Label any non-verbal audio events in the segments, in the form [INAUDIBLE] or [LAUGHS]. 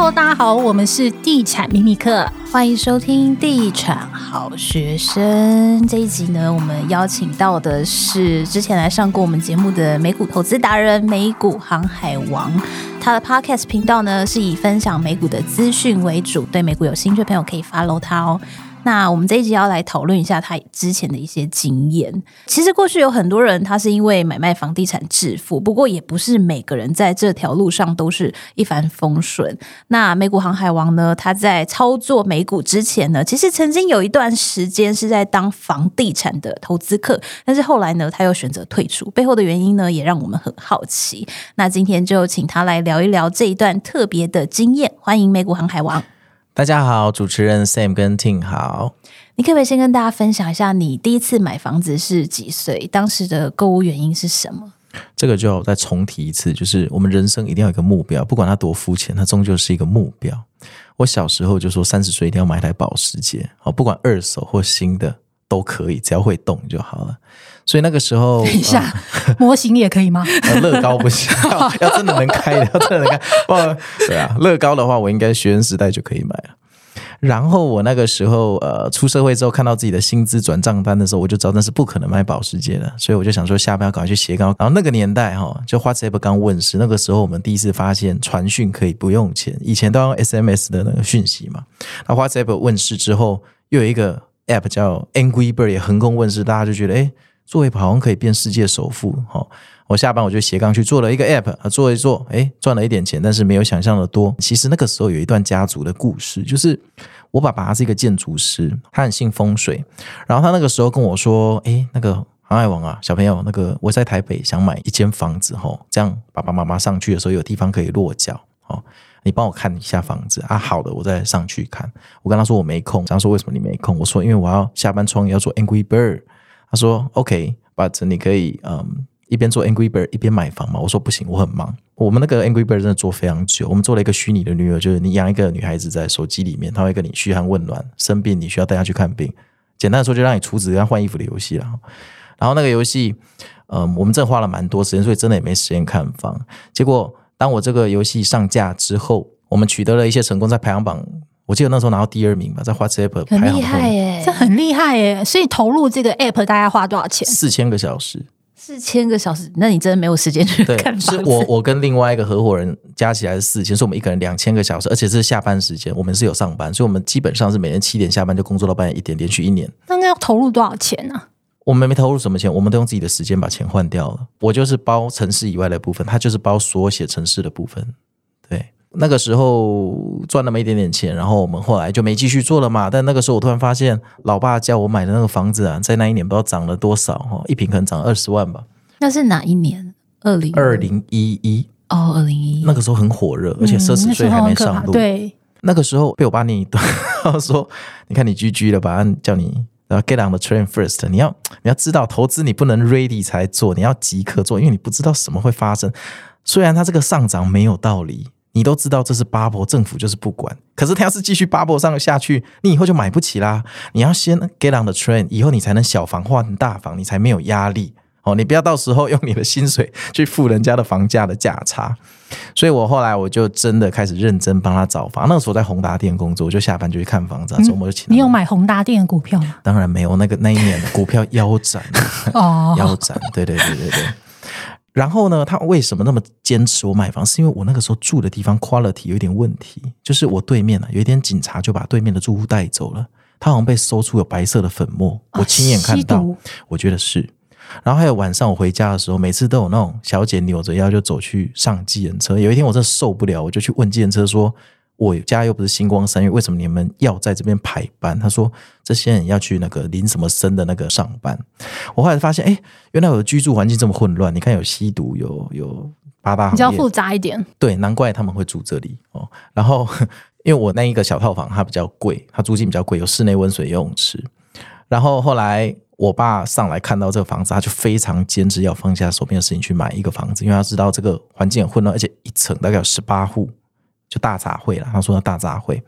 Hello，大家好，我們是地產秘密客，歡迎收聽地產好學生。這一集呢，我們邀請到的是之前來上過我們節目的美股投資達人美股航海王，他的 Podcast 頻道呢是以分享美股的資訊為主，對美股有興趣的朋友可以 follow 他哦。那我們這一集要來討論一下他之前的一些經驗。其實過去有很多人，他是因為買賣房地產致富，不過也不是每個人在這條路上都是一帆風順。那美股航海王呢，他在操作美股之前呢，其實曾經有一段時間是在當房地產的投資客，但是後來呢，他又選擇退出，背後的原因呢，也讓我們很好奇。那今天就請他來聊一聊這一段特別的經驗。歡迎美股航海王。大家好，主持人 Sam 跟 Ting 好，你可不可以先跟大家分享一下，你第一次買房子是幾歲，當時的購物原因是什麼？這個就要再重提一次，就是我們人生一定要有一個目標，不管它多膚淺，它終究是一個目標。我小時候就說，三十歲一定要買一台保時捷，好，不管二手或新的都可以，只要會動就好了。所以那個時候，等一下、嗯，模型也可以嗎？嗯、樂高不行，要真的能開， [LAUGHS] 要真的能開。哦，對啊，樂高的話，我應該學生時代就可以買了。然後我那個時候，呃，出社會之後，看到自己的薪資轉賬單的時候，我就知道那是不可能買保時捷的。所以我就想說，下班要趕快去斜槓。然後那個年代，哈、哦，就 WhatsApp 剛問世，那個時候我們第一次發現傳訊可以不用錢，以前都用 SMS 的那個訊息嘛。那 WhatsApp 問世之後，又有一個 App 叫 Angry Bird 也橫空問世，大家就覺得，哎。做一跑，可以變世界首富，吼。我下班我就斜槓去做了一個 app，做一做，誒，賺了一點錢，但是沒有想象的多。其實那個時候有一段家族的故事，就是我爸爸他是一個建築師，他很信風水。然後他那個時候跟我說：“哎，那個航海王啊，小朋友，那個我在台北想買一間房子，吼，哦，這樣爸爸媽媽上去的時候有地方可以落腳。哦，你幫我看一下房子啊。”“好的，我再上去看。”我跟他說：“我沒空。”，他說：“為什麼你沒空？”我說：“因為我要下班創業，要做 Angry Bird。”他說：“OK，But、okay, 你可以嗯、um, 一邊做 Angry Bird 一邊買房嗎？”我說：“不行，我很忙。我們那個 Angry Bird 真的做非常久，我們做了一個虛擬的女友，就是你養一個女孩子在手機裡面，她會跟你噓寒問暖，生病你需要帶她去看病。簡單的說，就讓你儲值給她換衣服的遊戲啦。然後那個遊戲，嗯，我們真的花了蠻多時間，所以真的也沒時間看房。結果，當我這個遊戲上架之後，我們取得了一些成功，在排行榜。”我記得那時候拿到第二名吧，在花次 app 很厲害耶，這很厲害耶。所以投入這個 app 大概要花多少錢？四千個小時，四千個小時。那你真的沒有時間去看？對，就是我，我跟另外一個合夥人加起來是四千，是我們一個人兩千個小時，而且是下班時間。我們是有上班，所以我們基本上是每天七點下班就工作到半夜一點，連續一年。那那要投入多少錢呢、啊？我們沒投入什麼錢，我們都用自己的時間把錢換掉了。我就是包城市以外的部分，他就是包所有寫城市的部分。那個時候賺那麼一點點錢，然後我們後來就沒繼續做了嘛。但那個時候我突然發現，老爸叫我買的那個房子啊，在那一年不知道漲了多少哈，一平可能漲二十萬吧。那是哪一年？二零二零一一哦，二零一一。那個時候很火熱，而且奢侈稅還沒上路、嗯。對，那個時候被我爸念一段 [LAUGHS] 說，你看你 GG 了吧？叫你然後 get on the train first，你要你要知道投資你不能 ready 才做，你要即刻做，因為你不知道什麼會發生。雖然它這個上漲沒有道理。你都知道這是 bubble 政府就是不管。可是他要是繼續 bubble 上下去，你以後就買不起啦。你要先 get on the train，以後你才能小房換大房，你才沒有壓力。哦，你不要到時候用你的薪水去付人家的房價的價差。所以我後來我就真的開始認真幫他找房。那時候在宏達電工作，我就下班就去看房子，嗯、周末就請他。你有買宏達電的股票嗎？當然沒有，那個那一年股票腰斬哦， [LAUGHS] 腰斬。對對對對對,對。然後呢，他為什麼那麼堅持我買房？是因為我那個時候住的地方 quality 有點問題，就是我對面呢、啊、有一天警察就把對面的住戶帶走了，他好像被搜出有白色的粉末，我親眼看到、啊，我覺得是。然後還有晚上我回家的時候，每次都有那種小姐扭着腰就走去上計程車。有一天我真的受不了，我就去問計程車說，我家又不是星光三月，為什麼你們要在這邊排班？他說這些人要去那個林什麼森的那個上班。我後來發現，哎、欸，原來我的居住環境這麼混亂。你看，有吸毒，有有八大行業，比較複雜一點。對，難怪他們會住這裡哦。然後，因為我那一個小套房，它比較貴，它租金比較貴，有室內溫水游泳池。然後後來我爸上來看到這個房子，他就非常堅持要放下手邊的事情去買一個房子，因為他知道這個環境很混亂，而且一層大概有十八戶。就大雜燴啦，他說那大雜燴。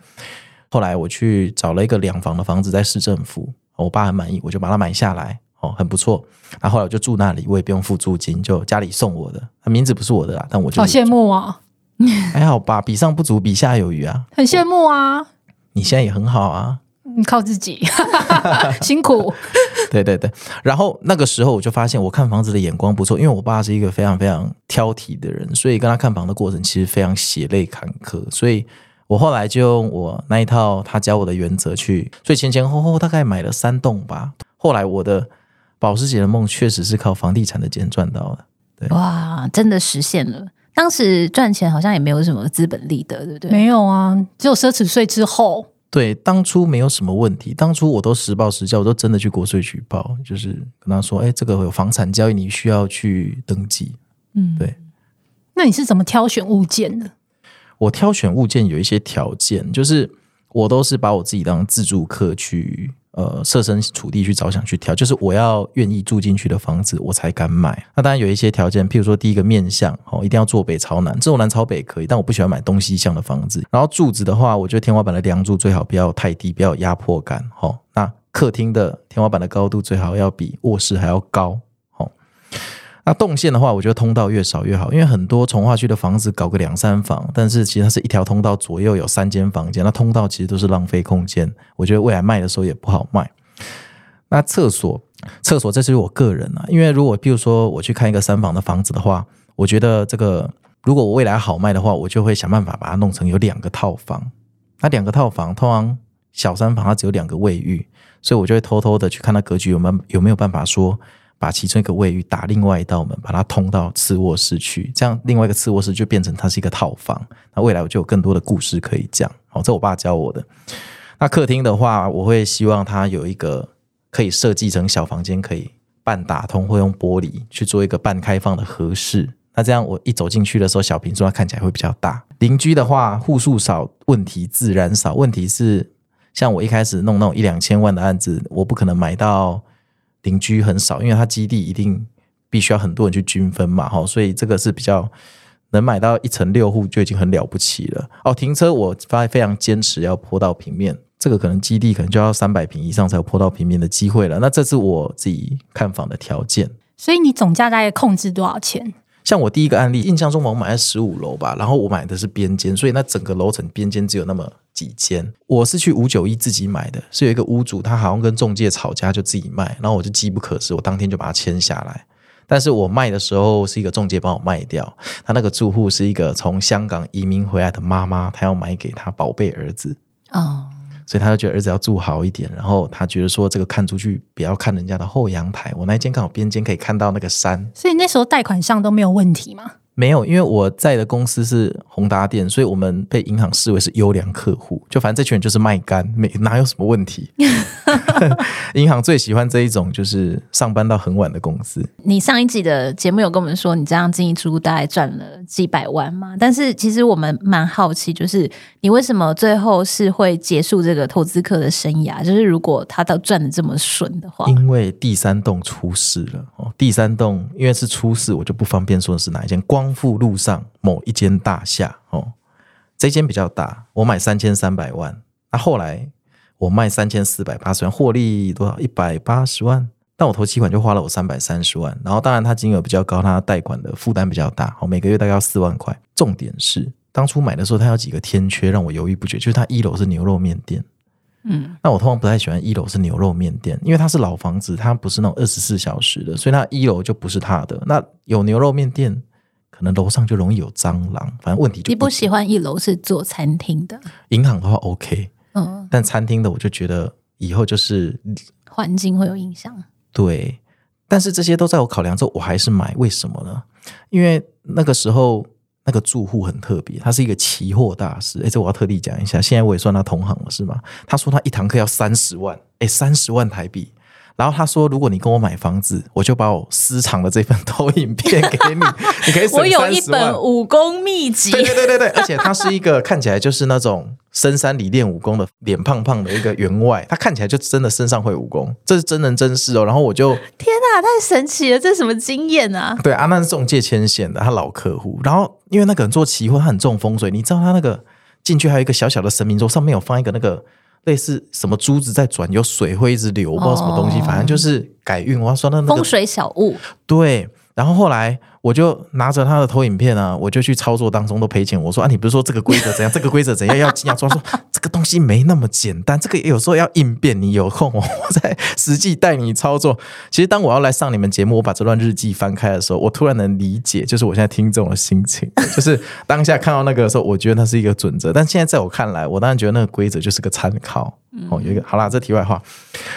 後來我去找了一個兩房的房子在市政府，哦、我爸很滿意，我就把它買下來，哦，很不錯。然、啊、後來我就住那裡，我也不用付租金，就家裡送我的，他名字不是我的啦，但我就……好羨慕啊、哎，還好吧，比上不足，比下有餘啊，很羨慕啊，你現在也很好啊。你靠自己， [LAUGHS] 辛苦 [LAUGHS] 。對對對，然後那個時候我就發現，我看房子的眼光不錯，因為我爸是一個非常非常挑剔的人，所以跟他看房子的過程其實非常血淚坎坷。所以我後來就用我那一套他教我的原則去，所以前前後後大概買了三棟吧。後來我的保時捷的夢確實是靠房地產的錢賺到了。對，哇，真的實現了。當時賺錢好像也沒有什麼資本利得，對不對？沒有啊，只有奢侈稅之後。對，當初沒有什麼問題，當初我都實報實繳，我都真的去國稅局報，就是跟他說，哎、欸，這個有房產交易，你需要去登記。嗯，對。那你是怎麼挑選物件的？我挑選物件有一些條件，就是我都是把我自己當自住客去。呃，設身處地去着想去挑，就是我要願意住進去的房子，我才敢買。那當然有一些條件，譬如說，第一個面向哦，一定要坐北朝南，這種南朝北可以，但我不喜歡買東西向的房子。然後柱子的話，我覺得天花板的梁柱最好不要太低，不要有壓迫感。齁，那客廳的天花板的高度最好要比臥室還要高。那動線的話，我覺得通道越少越好，因為很多重劃區的房子搞個兩三房，但是其實它是一條通道，左右有三間房間，那通道其實都是浪費空間。我覺得未來賣的時候也不好賣。那廁所，廁所這是我個人啊，因為如果譬如說我去看一個三房的房子的話，我覺得這個如果我未來好賣的話，我就會想辦法把它弄成有兩個套房。那兩個套房，通常小三房它只有兩個衛浴，所以我就會偷偷的去看它格局有沒有，有沒有辦法說。把其中一個衛浴打另外一道門，把它通到次臥室去，這樣另外一個次臥室就變成它是一個套房。那未來我就有更多的故事可以講。好、哦，這我爸教我的。那客廳的話，我會希望它有一個可以設計成小房間，可以半打通或用玻璃去做一個半開放的和室。那這樣我一走進去的時候，小坪數它看起來會比較大。鄰居的話，戶數少，問題自然少。問題是，像我一開始弄那種一兩千萬的案子，我不可能買到。鄰居很少，因為它，基地一定必須要很多人去均分嘛，哈，所以這個是比較能買到，一層六戶就已經很了不起了。哦，停車我發現非常堅持要坡道平面，這個可能基地可能就要三百坪以上才有坡道平面的機會了。那這是我自己看房的條件，所以你總價大概控制多少錢？像我第一個案例，印象中我買在十五樓吧，然後我買的是邊間，所以那整個樓層邊間只有那麼幾間。我是去五九一自己買的，是有一個屋主，他好像跟中介吵架就自己賣，然後我就機不可失，我當天就把它簽下來。但是我賣的時候是一個中介幫我賣掉，他那個住戶是一個從香港移民回來的媽媽，她要買給她寶貝兒子。哦。所以他就覺得兒子要住好一點，然後他覺得說，這個看出去不要看人家的後陽台，我那間剛好邊間可以看到那個山，所以那時候貸款上都沒有問題嗎？沒有，因為我在的公司是宏達電，所以我們被銀行視為是優良客戶。就反正這群人就是賣肝，沒哪有什麼問題。銀 [LAUGHS] [LAUGHS] 行最喜歡這一種，就是上班到很晚的公司。你上一集的節目有跟我們說，你這樣一進一出大概賺了幾百萬嗎？但是其實我們蠻好奇，就是你為什麼最後是會結束這個投資客的生涯？就是如果他都賺的這麼順的話。因為第三棟出事了。哦，第三棟因為是出事，我就不方便說是哪一間。光復路上某一間大廈哦，這間比較大，我買三千三百萬，那、啊、後來我賣三千四百八十萬，獲利多少？一百八十萬，但我頭期款就花了我三百三十萬，然後當然它金額比較高，它貸款的負擔比較大，好、哦、每個月大概要四萬塊。重點是當初買的時候它有幾個天缺讓我猶豫不決，就是它一樓是牛肉麵店，嗯，那我通常不太喜歡一樓是牛肉麵店，因為它是老房子，它不是那種二十四小時的，所以它一樓就不是它的，那有牛肉麵店。可能樓上就容易有蟑螂，反正問題就。你不喜歡一樓是做餐廳的？銀行的話 OK，嗯，但餐廳的我就覺得以後就是環境會有影響。對，但是這些都在我考量之後，我還是買。為什麼呢？因為那個時候那個住戶很特別，他是一個期貨大師。哎，這我要特地講一下，現在我也算他同行了，是嗎？他說他一堂課要三十萬，哎，三十萬台幣。然後他說：“如果你跟我買房子，我就把我私藏的這份投影片給你， [LAUGHS] 你可以。”我有一本武功秘籍。 [LAUGHS] 對對對對對，而且他是一個看起來就是那種深山裡練武功的，臉胖胖的一個員外，他看起來就真的身上會武功，這是真人真事哦。然後我就天哪，太神奇了，這是什麼經驗啊？對啊，那是中介牽線的，他老客戶。然後因為那個人做期貨，他很重風水，你知道他那個進去還有一個小小的神明桌，上面有放一個那個。類似什麼珠子在轉，有水會一直流，我不知道什麼東西，oh. 反正就是改運。我要說那、那個、風水小物，對。然後後來，我就拿着他的投影片啊，我就去操作當中都賠錢。我說啊，你不是說這個規則怎樣？ [LAUGHS] 這個規則怎樣，要怎樣，說這個東西沒那麼簡單，這個也有時候要應變。你有空、哦、我再實際帶你操作。其實當我要來上你們節目，我把這段日記翻開的時候，我突然能理解，就是我現在聽眾的心情，就是當下看到那個的時候，我覺得那是一個準則。但現在在我看來，我當然覺得那個規則就是個參考哦。有一個好啦，這題外話。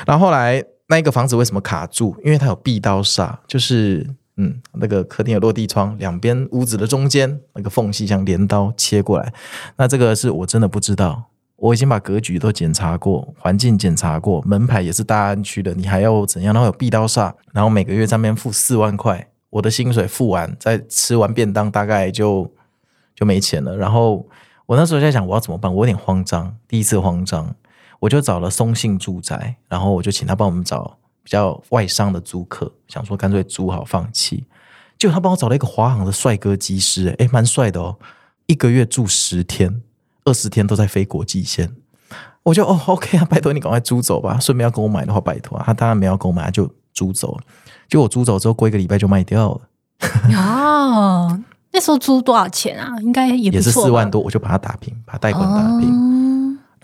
然後後來那一個房子為什麼卡住？因為它有壁刀煞，就是。嗯，那個客廳的落地窗，兩邊屋子的中間那個縫隙像鐮刀切過來，那這個是我真的不知道。我已經把格局都檢查過，環境檢查過，門牌也是大安區的，你還要怎樣？然後有避刀煞，然後每個月上面付四萬塊，我的薪水付完，再吃完便當，大概就就沒錢了。然後我那時候在想，我要怎麼辦？我有點慌張，第一次慌張，我就找了松信住宅，然後我就請他幫我們找。比較外商的租客，想說乾脆租好放棄，結果他幫我找了一個華航的帥哥機師，欸，哎，欸，蠻帥的哦，喔，一個月住十天，二十天都在飛國際線，我就哦 OK 啊，拜託你趕快租走吧，順便要給我買的話，拜託，啊，他當然沒要給我買，就租走了。就我租走之後，過一個禮拜就賣掉了。哦，那時候租多少錢啊？應該也也是四萬多，我就把它打平，把貸款打平。哦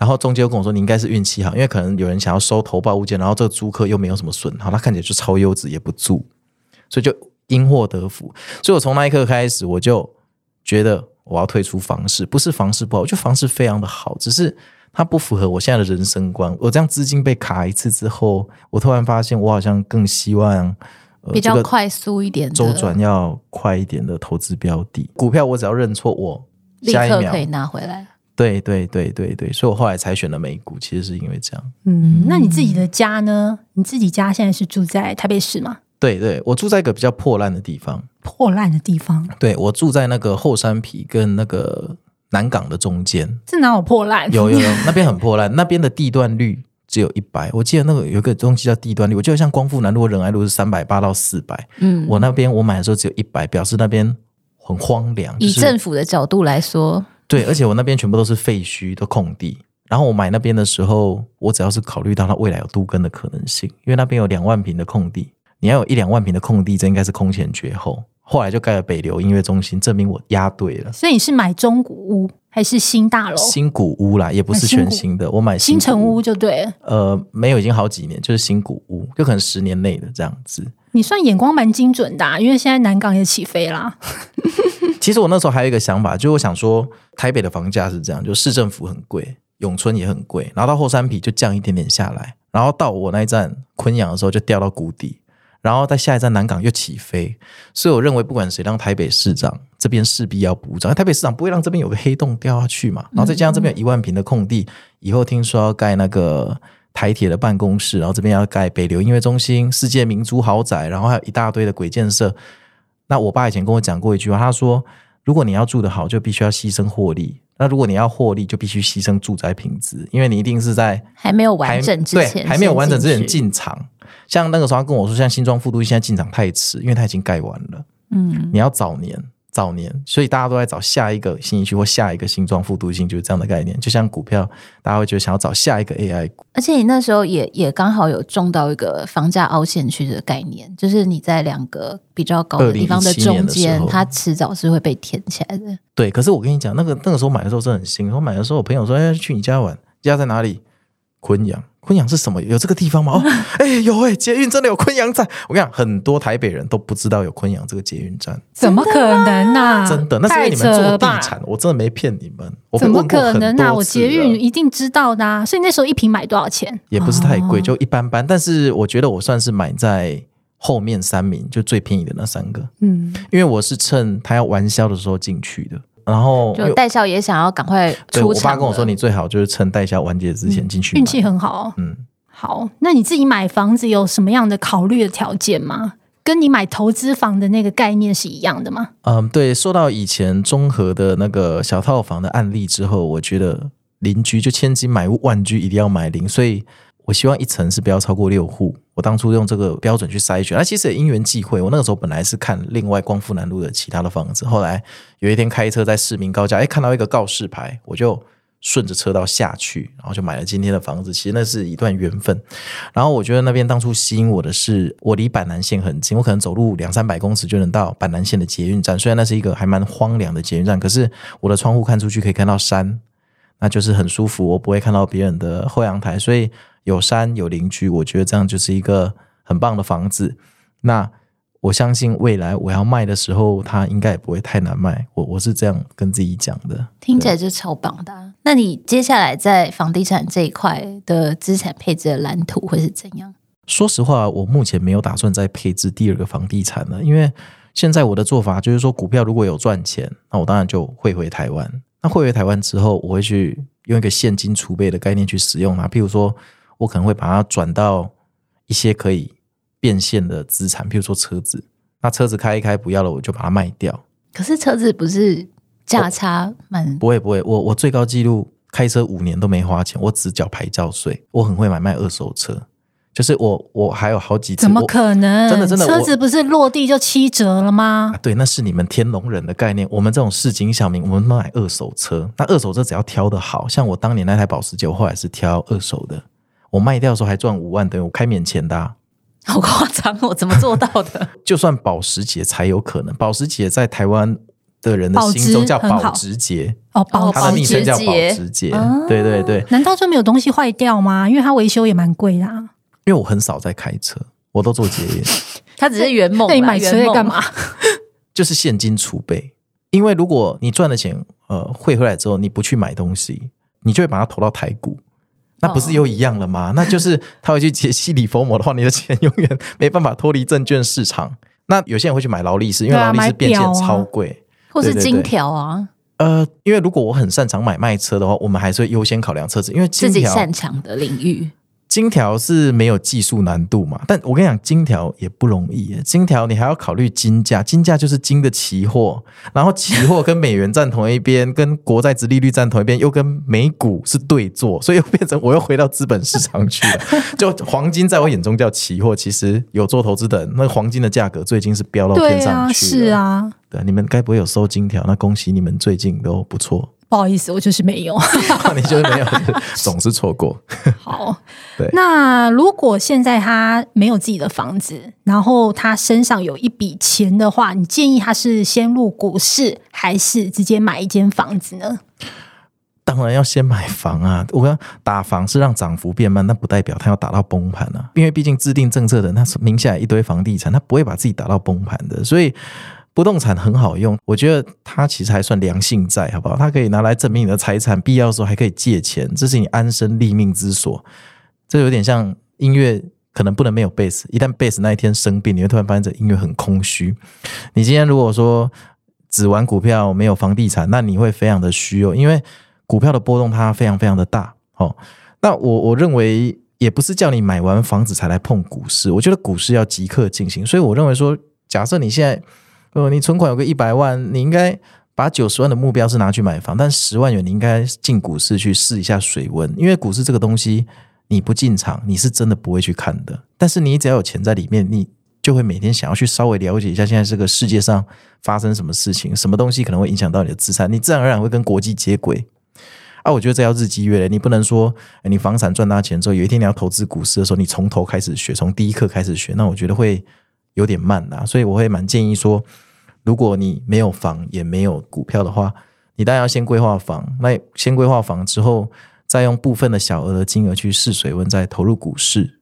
然後中介又跟我說，你應該是運氣好，因為可能有人想要收投報物件，然後這個租客又沒有什麼損耗，他看起來就超優質也不住，所以就因禍得福。所以我從那一刻開始，我就覺得我要退出房市，不是房市不好，我覺得房市非常的好，只是它不符合我現在的人生觀。我這樣資金被卡一次之後，我突然發現我好像更希望、呃、比較快速一點的、這個、周轉，要快一點的投資標的股票，我只要認錯我，我立刻可以拿回來。對對對對對，所以我後來才選了美股，其實是因為這樣嗯。嗯，那你自己的家呢？你自己家現在是住在台北市嗎？對對，我住在一個比較破爛的地方。破爛的地方？對，我住在那個後山皮跟那個南港的中間。這哪有破爛？有有有，那邊很破爛。 [LAUGHS] 那邊的地段率只有一百。我記得那個有一個東西叫地段率，我記得像光復南路、仁愛路是三百八到四百。嗯，我那邊我買的時候只有一百，表示那邊很荒涼。就是、以政府的角度來說。對，而且我那邊全部都是廢墟的空地。然後我買那邊的時候，我只要是考慮到它未來有都更的可能性，因為那邊有兩萬坪的空地，你要有一兩萬坪的空地，這應該是空前絕後。後來就蓋了北流音樂中心，證明我押對了。所以你是買中古屋還是新大樓？新古屋啦，也不是全新的，新我買新城屋就對。呃，沒有，已經好幾年，就是新古屋，就可能十年內的這樣子。你算眼光蠻精準的啊，因為現在南港也起飛啦。 [LAUGHS] 其實我那時候還有一個想法，就是我想說，台北的房價是這樣，就市政府很貴，永春也很貴，拿後到後山埤就降一點點下來，然後到我那一站昆陽的時候就掉到谷底，然後在下一站南港又起飛。所以我認為，不管誰當台北市長，這邊勢必要補漲。台北市長不會讓這邊有個黑洞掉下去嘛。然後再加上這邊有一萬坪的空地，以後聽說要蓋那個台鐵的辦公室，然後這邊要蓋北流音樂中心、世界明珠豪宅，然後還有一大堆的鬼建設。那我爸以前跟我講過一句話，他說：“如果你要住得好，就必須要犧牲獲利；那如果你要獲利，就必須犧牲住宅品質，因為你一定是在還沒有完整之前，還沒有完整之前進場。像那個時候他跟我說，像新莊副都現在進場太遲，因為它已經蓋完了。嗯，你要早年。”早年，所以大家都在找下一個新興區或下一個新莊副都心，就是這樣的概念。就像股票，大家會覺得想要找下一個 AI 股。而且你那時候也也剛好有中到一個房價凹陷區的概念，就是你在兩個比較高的地方的中間，它遲早是會被填起來的。對，可是我跟你講，那個那個時候買的時候是很新。我買的時候，我朋友說：“哎，去你家玩，家在哪裡？”昆陽。昆陽是什麼？有這個地方嗎？哦，哎呦喂，捷運真的有昆陽站。我跟你講，很多台北人都不知道有昆陽這個捷運站，怎麼可能啊？真的，那是因為你們做地產，我真的沒騙你們。怎麼可能啊？我捷運一定知道的啊。所以那時候一坪買多少錢？也不是太貴，就一般般、哦。但是我覺得我算是買在後面三名，就最便宜的那三個。嗯，因為我是趁他要完銷的時候進去的。然後就代銷，也想要趕快出對，我爸跟我說，你最好就是趁代銷完結之前進去。嗯，運氣很好，嗯，好。那你自己買房子有什麼樣的考慮的條件嗎？跟你買投資房的那個概念是一樣的嗎？嗯，對。說到以前中和的那個小套房的案例之後，我覺得鄰居就千金買屋，萬居一定要買鄰，所以。我希望一層是不要超過六戶。我當初用這個標準去篩選，那其實也因緣際會。我那個時候本來是看另外光復南路的其他的房子，後來有一天開車在市民高架，誒，看到一個告示牌，我就順着車道下去，然後就買了今天的房子。其實那是一段緣分。然後我覺得那邊當初吸引我的是我離板南線很近，我可能走路兩三百公尺就能到板南線的捷運站。雖然那是一個還蠻荒涼的捷運站，可是我的窗戶看出去可以看到山，那就是很舒服。我不會看到別人的後陽台，所以，有山有鄰居，我覺得這樣就是一個很棒的房子。那我相信未來我要賣的時候，它應該也不會太難賣。我我是這樣跟自己講的，聽起來就超棒的啊。那你接下來在房地產這一塊的資產配置的藍圖會是怎樣？說實話，我目前沒有打算再配置第二個房地產了，因為現在我的做法就是說，股票如果有賺錢，那我當然就會回台灣。那回回台灣之後，我會去用一個現金儲備的概念去使用嘛，譬如說。我可能會把它轉到一些可以變現的資產，譬如說車子。那車子開一開不要了，我就把它賣掉。可是車子不是價差蠻？不會不會，我我最高記錄開車五年都沒花錢，我只繳牌照稅。我很會買賣二手車，就是我我還有好幾。怎麼可能？真的真的，車子不是落地就七折了嗎？對，那是你們天龍人的概念。我們這種市井小民，我們買二手車，那二手車只要挑得好，像我當年那台保時捷，我後來是挑二手的。我賣掉的時候還賺五萬，等於我開免錢的，好誇張！我怎麼做到的？ [LAUGHS] 就算保時捷才有可能，保時捷在台灣的人的心中叫保值捷哦，它的名稱叫保值捷。對對對，難道就沒有東西壞掉嗎？因為它維修也蠻貴的、啊。因為我很少在開車，我都坐捷運。他只是圓夢，那、欸、你買車幹嘛？ [LAUGHS] 就是現金儲備。因為如果你賺的錢呃匯回來之後，你不去買東西，你就會把它投到台股。那不是又一樣了嗎？Oh. 那就是他會去解西裡佛摩的話， [LAUGHS] 你的錢永遠沒辦法脫離證券市場。那有些人會去買勞力士，因為勞力士變現超貴、啊啊，或是金條啊。呃，因為如果我很擅長買賣車的話，我們還是會優先考量車子，因為金條自己擅長的領域。金條是沒有技術難度嘛？但我跟你講，金條也不容易耶。金條你還要考慮金價，金價就是金的期貨，然後期貨跟美元站同一邊， [LAUGHS] 跟國債殖利率站同一邊，又跟美股是對做，所以又變成我又回到資本市場去了。 [LAUGHS] 就黃金在我眼中叫期貨，其實有做投資的，那黃金的價格最近是飆到天上去了。是啊，是啊。對，你們該不會有收金條？那恭喜你們，最近都不錯。不好意思，我就是沒有 [LAUGHS] 。你就是沒有，總是錯過。好， [LAUGHS] 對。那如果現在他沒有自己的房子，然後他身上有一筆錢的話，你建議他是先入股市，還是直接買一間房子呢？當然要先買房啊！我剛打房是讓漲幅變慢，那不代表他要打到崩盤啊。因為畢竟制定政策的人他是名下一堆房地產，他不會把自己打到崩盤的，所以。不動產很好用，我覺得它其實還算良性債，好不好？它可以拿來證明你的財產，必要的時候還可以借錢，這是你安身立命之所。這有點像音樂，可能不能沒有貝斯。一旦貝斯那一天生病，你會突然發現這音樂很空虛。你今天如果說只玩股票，沒有房地產，那你會非常的虛哦，因為股票的波動它非常非常的大。哦，那我我認為也不是叫你買完房子才來碰股市，我覺得股市要即刻進行。所以我認為說，假設你現在。呃、哦，你存款有個一百萬，你應該把九十萬的目標是拿去買房，但十萬元你應該進股市去試一下水溫，因為股市這個東西，你不進場，你是真的不會去看的。但是你只要有錢在裡面，你就會每天想要去稍微了解一下現在這個世界上發生什麼事情，什麼東西可能會影響到你的資產，你自然而然會跟國際接軌。啊，我覺得這要日積月累，你不能說，哎，你房產賺大錢之後，有一天你要投資股市的時候，你從頭開始學，從第一課開始學，那我覺得會。有點慢啦、啊，所以我會蠻建議說，如果你沒有房也沒有股票的話，你當然要先規劃房，那先規劃房之後，再用部分的小額的金額去試水溫，再投入股市。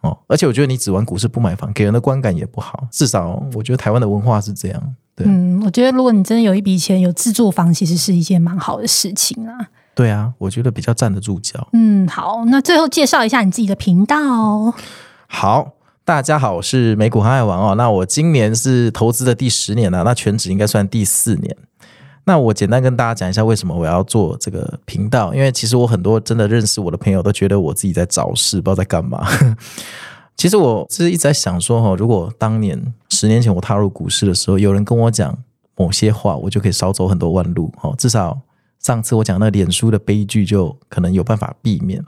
哦，而且我覺得你只玩股市不買房，給人的觀感也不好。至少我覺得台灣的文化是這樣。對，嗯，我覺得如果你真的有一筆錢有自住房，其實是一件蠻好的事情啊。對啊，我覺得比較站得住腳。嗯，好，那最後介紹一下你自己的頻道、哦。好。大家好，我是美股航海王。哦。那我今年是投資的第十年了，啊，那全職應該算第四年。那我簡單跟大家講一下為什麼我要做這個頻道，因為其實我很多真的認識我的朋友都覺得我自己在找事，不知道在幹嘛。 [LAUGHS] 其實我是一直在想說哈，哦，如果當年十年前我踏入股市的時候，有人跟我講某些話，我就可以少走很多彎路哦。至少上次我講那臉書的悲劇，就可能有辦法避免。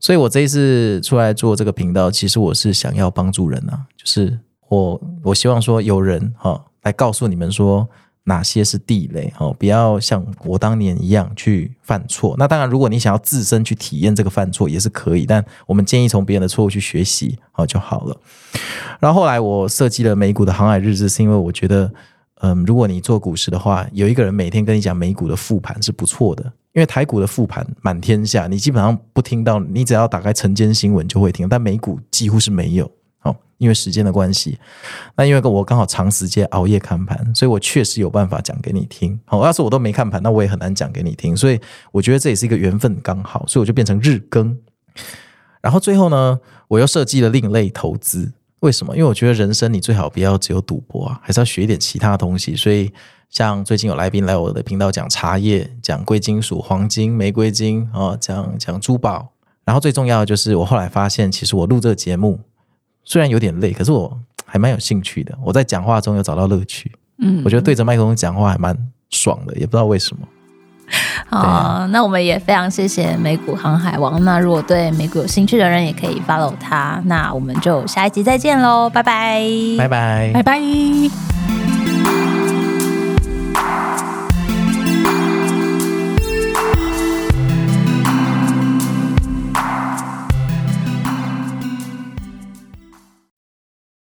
所以，我這一次出來做這個頻道，其實我是想要幫助人啊，就是我我希望說有人哈，來告訴你們說哪些是地雷哈，不要像我當年一樣去犯錯。那當然，如果你想要自身去體驗這個犯錯也是可以，但我們建議從別人的錯誤去學習哦，就好了。然後後來我設計了美股的航海日誌，是因為我覺得。嗯，如果你做股市的話，有一個人每天跟你講美股的復盤是不錯的，因為台股的復盤滿天下，你基本上不聽到，你只要打開晨間新聞就會聽，但美股幾乎是沒有，好、哦，因為時間的關係。那因為我剛好長時間熬夜看盤，所以我確實有辦法講給你聽。好、哦，要是我都沒看盤，那我也很難講給你聽。所以我覺得這也是一個緣分，剛好，所以我就變成日更。然後最後呢，我又設計了另類投資。為什麼？因為我覺得人生你最好不要只有賭博啊，還是要學一點其他東西。所以像最近有來賓來我的頻道講茶葉、講貴金屬、黃金、玫瑰金啊，哦，講講珠寶。然後最重要的就是，我後來發現，其實我錄這個節目雖然有點累，可是我還蠻有興趣的。我在講話中有找到樂趣，嗯，我覺得對着麥克風講話還蠻爽的，也不知道為什麼。好、嗯啊，那我們也非常謝謝美股航海王。那如果對美股有興趣的人，也可以 follow 他。那我們就下一集再見嘍，拜拜，拜拜，拜拜。